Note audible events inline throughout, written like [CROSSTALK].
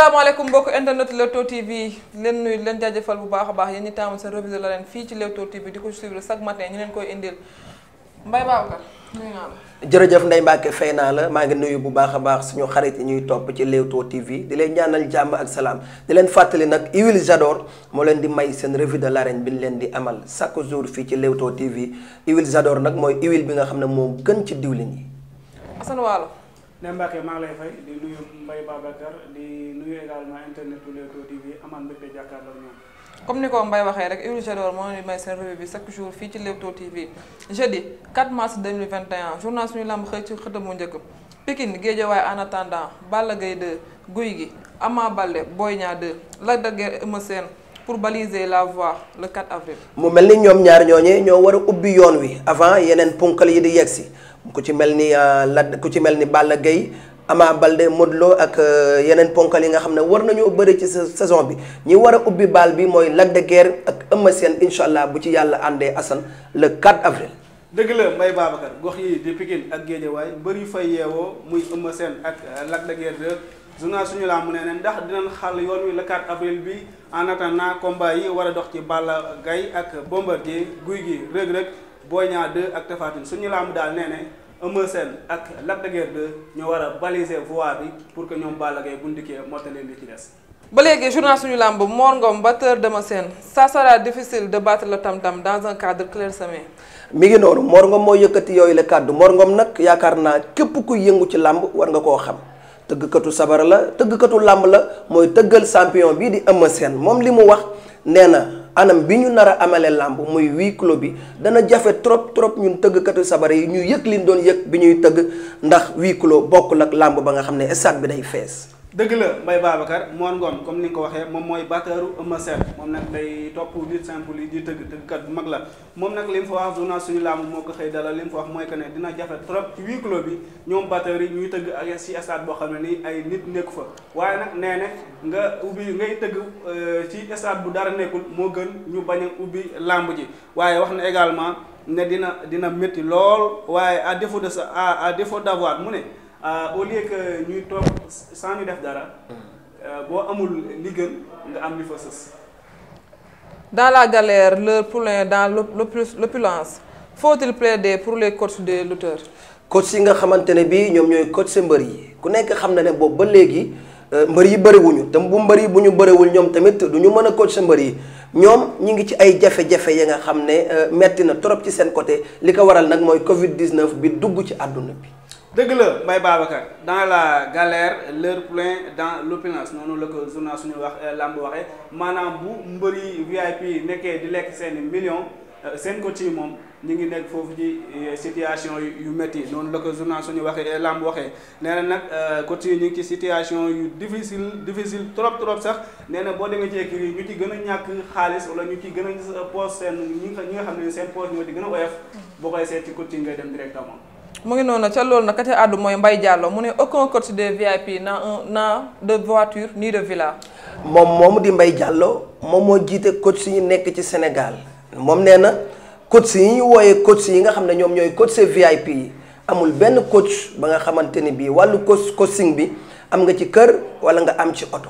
salaamaaleykum mbokk internet Leewtoo TV leen nuyu leen jaajëfal bu baax a baax yéen ñi taamu sa revue de l'arène fii ci Leewtoo TV di ko suivre chaque matin ñu leen koy indil Mbaye jërëjëf Ndeye fay naa la maa ngi nuyu bu baax a baax suñu xarit yi ñuy topp ci Leewtoo TV di leen ñaanal jàmm ak salaam di leen fàttali nag huile moo leen di may seen revue de l'arène bi ñu leen di amal chaque jour fii ci Leewtoo TV huile Jador nag mooy huile bi nga xam ne moo gën ci diwlin yi. Assane Waalo ne Mbacke maa ngi lay fay di nuyu Mbaye Babacar di nuyu également internet bu TV amaan mbégte jàkkaarloo ñoom. comme ni ko Mbaye waxee rek Ibrahima Jador moo ñu may seen revue bi chaque jour fii ci Leewtoo TV jeudi 4 mars 2021 journal suñu lamb xëy ci xëtam mu njëkk Pikine Guédiawaye en attendant Balla Gaye Guy gi Ama Baldé booy ñaa 2 Lac de Guiers Eumeu pour baliser la voie le 4 avril. mu mel ni ñoom ñaar ñooñee ñoo war a ubbi yoon wi avant yeneen punkal yi di yegsi ku ci mel ni euh, Lade ku ci mel ni bal Gaye Ama Baldé Modou Lo ak euh, yeneen ponkal yi nga xam ne war nañoo bëri ci sa saison bi ñi war a ubbi baal bi mooy Lac de Guiers ak Eumeu seen incha allah bu ci yàlla àndee Assane le 4 avril. dëgg la Mbaye Babacar gox yi di Pikine ak Guédiawaye mbër yu fa yeewoo muy Eumeu Sène ak euh, Lac de Guiers journal suñu làmb nee na ndax dinañ xàll yoon wi le 4 bi en attendant combat war a dox ci Balla Gaye ak Bombardier Gouye Gui Reug Reug Boy Niang 2 ak Tapha Tine suñu làmb daal ne Eumeu Sène ak Lac de Guiers war a baliser voie pour que ñoom Balla Gaye bu ndikkee mottali li ci ba léegi journal suñu làmb Mor Ngom batteur d'Eumeu Sène ça sera difficile de battre la tam-tam dans un cadre clairsemé. mi ngi noonu Mor Ngom moo yëkkati yooyu la kàddu Mor Ngom nag yaakaar naa képp ku yëngu ci làmb war nga koo xam. tëggkatu sabar la tëggkatu làmb la mooy tëggal champion bii di Eumeu Sène moom li mu wax nee na anam bi ñu nar a amale làmb muy huis clos bi dana jafe trop trop ñun tëggkatu sabar yi ñu yëg liñ doon yëg bi ñuy tëgg ndax huis clos bokkul ak làmb ba nga xam ne stade bi day fees dëgg la Mbaye Babacar Mor ngoon comme ni nga ko waxee moom mooy battaaru Eumeu Sène moom nag day topp lutte simple yi di tëgg tëggkat bu mag la moom nag li mu fa wax journal suñu moo ko xëy dala li mu fa mooy que ne dina jafe trop ci huis clos bi ñoom battaaru tëgg ak si stade boo xam ne nii ay nit nekku fa waaye nag nee na nga ubbi ngay tëgg euh, ci stade bu dara nekkul moo gën ñu bañ a ubbi làmb ji waaye wax na également ne dina dina métti lool waaye à défaut de sa à à défaut d'avoir mu ne Euh, au lieu que ñuy toog sans ñu def dara euh, boo amul li gën nga am li fa sës dans la galère leur poulain dans l'opulence faut-il plaider pour les coachs des lutteurs coach yi nga xamante ne bii ñoom ñooy coach sa mbër yi ku nekk xam na ne boobu ba léegi euh, mbër yi bëriwuñu te bu mbër yi bu ñu bëriwul ñoom tamit du ñu mën a coach sa mbër yi ñoom ñu ngi ci ay jafe-jafe ya nga xam ne metti na trop ci seen côté li ko waral nag mooy covid 19 bi dugg ci àdduna bi dëgg la Mbaye Babacar dans la galère leur plein dans l'opulence noonu la ko journal suñu wax euh, làmb waxee maanaam bu mbëri VIP nekkee di lekk seen million euh, seen ko yi moom ñu ngi nekk foofu ci euh, situation yu métti noonu la ko journal suñu waxee làmb waxee nee na nag côté yi ñu ngi ci situation yu difficile difficile trop trop sax nee na boo demee ci écurie yi ñu ci gën a ñàkk xaalis wala ñu ci gën a poos seen ñi nga xam ne seen poos ñoo ci gën a oyof yi ngay dem directement mu ngi noonu ca loolu nag ka ca àddu mooy Mbaye Diallo mu ne aucun coach des VIP n'a un n'a de voiture ni de villa. moom moomu di mbay Diallo moom moo jiite coach yi nekk ci Sénégal moom nee na coach yi ñu wooyee coach yi nga xam ne ñoom ñooy coach VIP yi amul benn coach ba nga xamante ni bii wàllu coach coaching bi am nga ci kër wala nga am ci oto.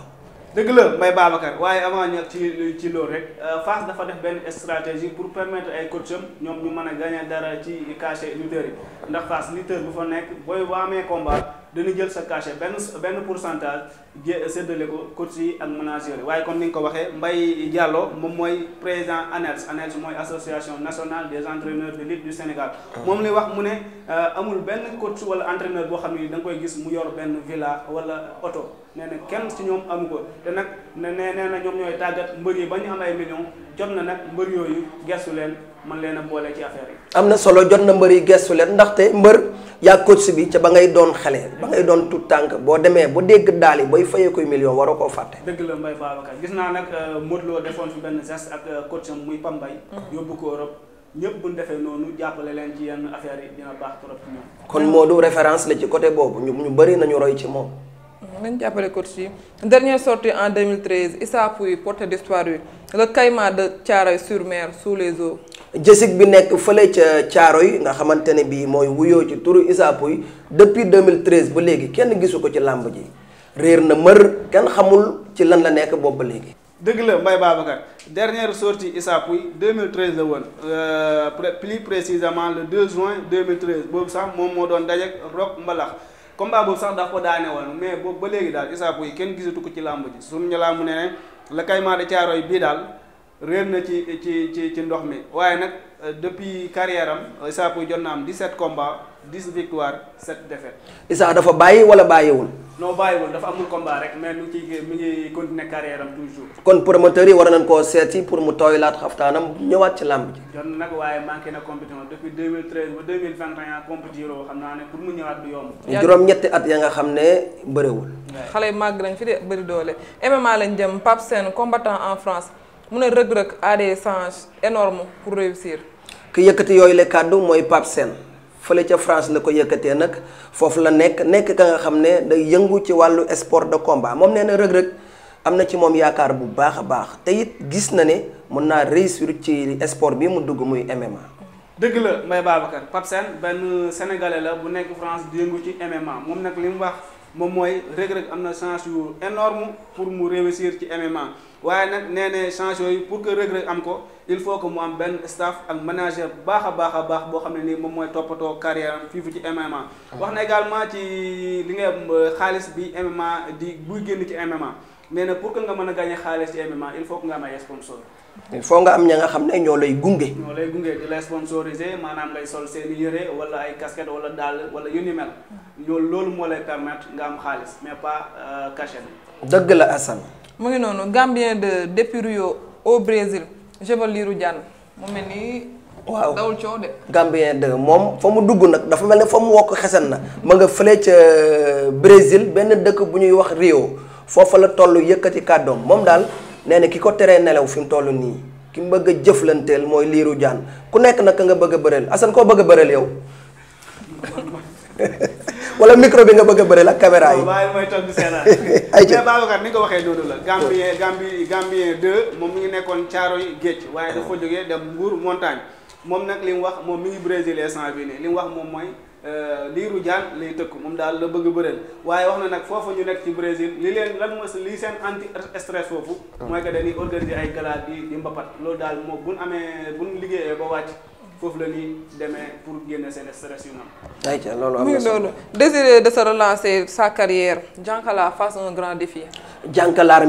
dëgg la Mbaye Babacar waaye avant ñu ci ci loolu rek euh, Fass dafa def benn stratégie pour permettre ay coach am ñoom ñu mën a gagner dara ci cachet lutteurs yi ndax Fass lutteur bu fa nekk booy amee combat dañu jël sa cachet benn benn pour jé séddale ko coach yi ak managers yi waaye comme ni nga ko waxee mbay Diallo moom mooy président ANELS ANELS mooy association national des entraîneurs de lutte du Sénégal. Ah. moom lay wax mu ne euh, amul benn coach wala entraîneur boo xam ne da nga koy gis mu yor benn villa wala oto. nee na kenn ci ñoom amu ko te nag ne nee na ñoom ñooy tàggat mbër yi ba ñu am ay millions jot na nag mbër yooyu gestu leen mën leen a boole ci affaire yi. am na solo jot na mbër yi gestu leen ndaxte mbër. yaa coach bi ca ba ngay doon xale ba ngay doon tout tànk boo demee ba dégg daal yi bay fayee koy million waroo koo fàtte. dëgg la Mbaye Babacar gis naa nag euh, Modou Lo defoon fi benn geste ak euh, coach am muy mm-hmm. bu ñu defee jàppale leen ci yenn affaires yi dina baax trop ci ñoom. kon Modou référence la ci coté boobu ñu ñu bari nañu roy ci moom. Mm-hmm. nañ jàppale coach yi dernière sortie en 2013 Issa Pouye porte d'histoire le caïman de Thiaroye sur mer sous les eaux. jësig bi nekk fële ca caaro yi nga xamante ne bii mooy wuyoo ci turu Issa yi depuis mille 2013 ba léegi kenn gisu ko ci làmb ji réer na mër kenn xamul ci lan la nekk boobu ba léegi. dëgg la Mbaye Babacar dernière sortie Issa Pouye 2013 la woon euh, plus précisément le 2 juin 2013 boobu sax moom moo doon dajeek Rock Mbalax combat boobu sax daf ko daane woon mais boobu ba léegi daal Issa yi kenn gisatu ko ci làmb ji suñu ñu làmb ne ne de caaro yi bii daal. réer na ci ci ci ci ndox mi waaye nag euh, depuis carrière am euh, Issa Pouye jot na am 17 combats 10 victoires 7 défaites. Issa dafa bàyyi wala bàyyiwul. non bàyyiwul dafa amul combat rek mais lu ci mi ngi continuer carrière am toujours. kon promoteur yi war nañ koo seeti pour mu tooylaat xaftaanam ñëwaat ci làmb ji. jot na nag waaye manqué na compétition depuis 2013 ba 2021 compétition xam naa ne pour mu ñëwaat du yomb. juróom-ñetti at ya nga xam ne bëriwul. xale yi màgg nañ fi de bëri doole MMA lañ jëm pa Sène combattant en France. mu ne Reug Reug a des chances énormes pour réussir. ki yëkkati yooyu la kàddu mooy Pape Sène fële ca France la ko yëkkatee nag foofu la nekk nekk ka nga xam ne day yëngu ci wàllu sport de combat moom nee na Reug am na ci moom yaakaar bu baax a baax te it gis na ni mën naa réussir ci sport bi mu dugg muy MMA. dëgg la Mbaye Babacar Pape benn sénégalais la bu nekk France di yëngu ci MMA moom nag li mu baax moom mooy Reug am na chance yu énorme pour mu réussir ci MMA waaye nag nee ne chance yooyu pour que Reug am ko il faut que mu am benn staff ak manager baax a baax a baax boo xam ne nii moom mooy toppatoo carrière am fii fu ci MMA ah. wax na également ci li nga xaalis bi MMA di buy génn ci MMA mais na pour que nga mën a gagné xaalis ci MMA il faut que nga am ay sponsor il nga am ña nga xam ne ñoo lay gunge ñoo lay gunge di la sponsorisé maanaam ngay sol seen yëre wala ay casquette wala dàll wala yu ni mel ñoo loolu moo lay permettre nga am xaalis mais pas euh, cachet bi dëgg la Assane mu ngi noonu Gambien de depuis Rio au Brésil Jebel Lirou Diane mu mel ni waaw dawul coow de. Gambien de moom fa mu dugg nag dafa mel ne fa mu wokk xesen na ma nga fële ca euh, Brésil benn dëkk bu ñuy wax Rio foofa la toll yëkkati kàddoom moom daal nee na ki ko teree nelaw fi mu toll nii ki mu bëgg a jëflanteel mooy liiru jaan ku nekk nag nga bëgg a bëreel Assane koo bëgg a bëreel yow [LAUGHS] wala micro bi nga bëgg a bëreel ak caméra yi. waaw mooy toog di seetaan. [LAUGHS] ayca mais Babacar ni nga ko waxee noonu la. Gambien Gambien Gambien 2 moom mu ngi nekkoon Caaroy Géej waaye dafa jógee dem Mbour montagne moom nag li mu wax moom mi ngi brésilien sans bi nii li mu wax moom mooy. Euh, liiru jaan lay tëkk moom daal la bëgg a waaye wax na nag foofu ñu nekk ci Brésil li leen lan mooy li seen anti stress foofu. Ah. mooy que dañuy organiser ay gala di di mbapat loolu daal moo buñ amee buñ liggéeyee ba wàcc. foofu la ñuy demee pour génne seen stress yu nam. ayca loolu am na solo désiré de se relancer sa carrière Diankalaar face à un grand défi.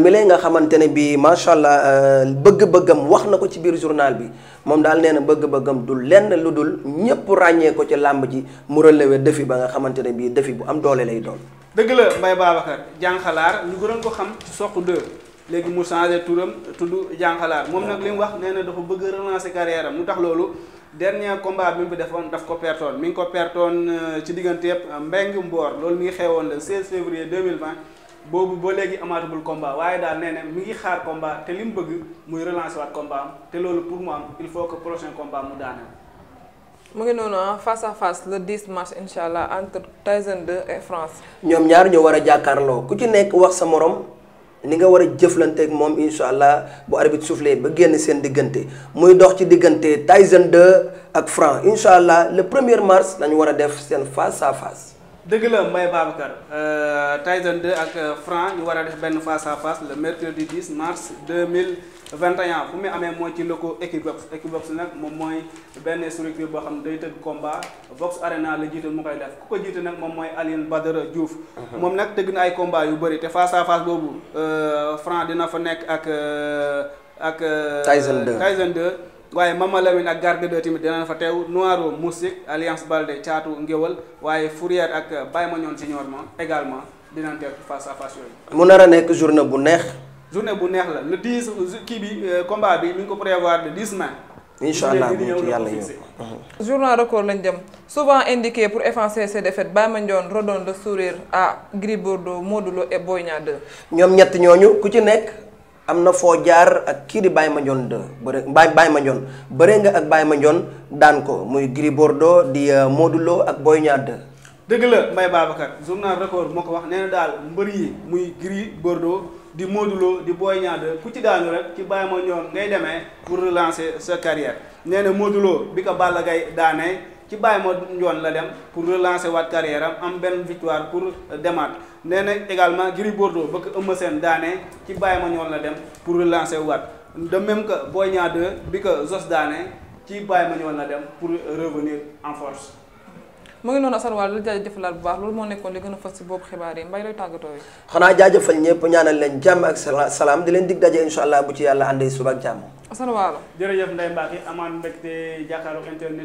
mi lay nga xamante ne bii macha allah euh, bëgg-bëggam wax na ko ci biir journal bi moom daal nee bëgg-bëggam du lenn lu dul ñëpp ràññee ko ci làmb ji mu relevé défi ba nga xamante ne bii défi bu am doole lay doon. dëgg la Mbaye Babacar Diankalaar ñu gënoon ko xam ci Sokh léegi mu changé turam tudd Diankalaar moom nag li wax nee na dafa bëgg relancer carrière dernier combat bi mu fi defoon daf ko pertoon mi ngi ko pertoon euh, ci diggante yëpp euh, mbeng mboor loolu mi ngi xewoon le 16 février 2020 boobu ba léegi amaatagul combat waaye daal nee na mi ngi xaar combat te lim bëgg muy relancer waat combat te loolu pour mu am il faut que prochain combat mu daaneel. mu ngi noonu ah, face à face le 10 mars incha allah entre Tyson de et France. ñoom ñaar ñu war a jàkkaarloo ku ci nekk wax sa morom ni nga war a jëflante jëflanteeg moom incha allah bu arbitre soufflé ba génn seen diggante muy dox ci diggante Tyson 2 ak Franc incha allah le premier mars ñu war a def seen face à fas dëgg la Mbaye Babacar euh, Tyson de ak euh, Franc ñu war a def benn face à face le mercredi 10 mars 2000. 21 fu mu amee mooy ci locaux Equivox Equivox nag moom mooy benn structure boo xam ne day tëgg combat Vox Arena la jiite mu koy def ku ko jiite nag moom mooy Alioune Badara Diouf. Mhm. moom nag tëgg na ay combat yu bëri te face à face boobu euh, dina fa nekk ak euh, ak. Euh, Tyson 2 Tyson 2. waaye Mama Lamine ak Garga 2 tamit dina fa teew Noiro Moustique Alliance Balde caatu Ngéwal waaye Fourière ak Baye Mandione Junior également dinañ teew face à face yooyu. mu nar a nekk journée bu neex. journée bu neex la le 10 kii bi euh, combat bi mi ngi ko prévoir le 10 mai. incha allah bu ñu ci yàlla yow mhm. journal record lañ dem souvent indiqué pour effacer ses défaites Baye Mandione redonne le sourire à Gris Bordeaux Modou Lo et Boy Niang 2. ñoom ñett ñooñu ku ci nekk am na foo jaar ak kii di Baye Mandione 2 bëre Baye Baye Mandione nga ak Baye Mandione daan ko muy Gris Bordeaux di euh, Modou Lo ak Boy Niang 2. dëgg la Mbaye Babacar journal moo ko wax nee daal mbër yi muy Gris Bordeaux. di Modou Lo di Boy Niang 2 ku ci daanu rek ci bàyyi ma ñoom ngay demee pour relancer sa carrière nee na Modou bi ko Balla Gaye daanee ci bàyyi ma njoon la dem pour relancer waat carrière am am benn victoire pour demaat nee na également Gris ba ko Eumeu seen daanee ci bàyyi ma ñoon la dem pour relancer waat de même que Boy Niang 2 bi ko Zos daanee ci bàyyi ma ñoon la dem pour revenir en force mu ngi noonu Assane Wala la jaajëfalaat bu baax loolu moo nekkoon li gën a fas si boobu xibaar yi mbay leen di leen dig daje insha allah bu ci yàlla àndee suba ak jàmm Assane Wala jërëjëf Ndeye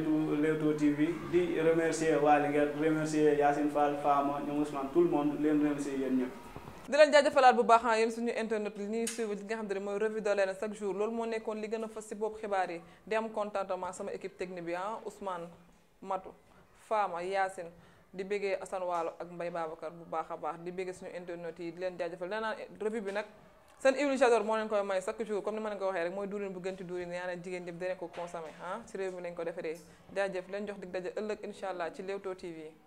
u Leewtoo TV di remercier waa Linguère remercier Yacine Fall Fama suñu internet li ñuy suivre li nga xam ne mooy revue de l'arène chaque jour loolu moo nekkoon li gën a fës si boobu xibaar yi di am contentement sama équipe technique bi ah Ousmane Matou Fama Yacine di bëggee Assane Waalo ak Mbaye Babacar bu baax a baax di bëggee suñu internet yi di leen jaajëfal nee naa revue bi nag seen huile j'adore moo leen koy may chaque comme ni ma leen ko waxee rek mooy durin bu gën ci durin yaa ne jigéen ñëpp dinañ ko consommer ah si réew mi lañ ko defaree jaajëf leen jox dig daje ëllëg incha allah ci Leewtoo TV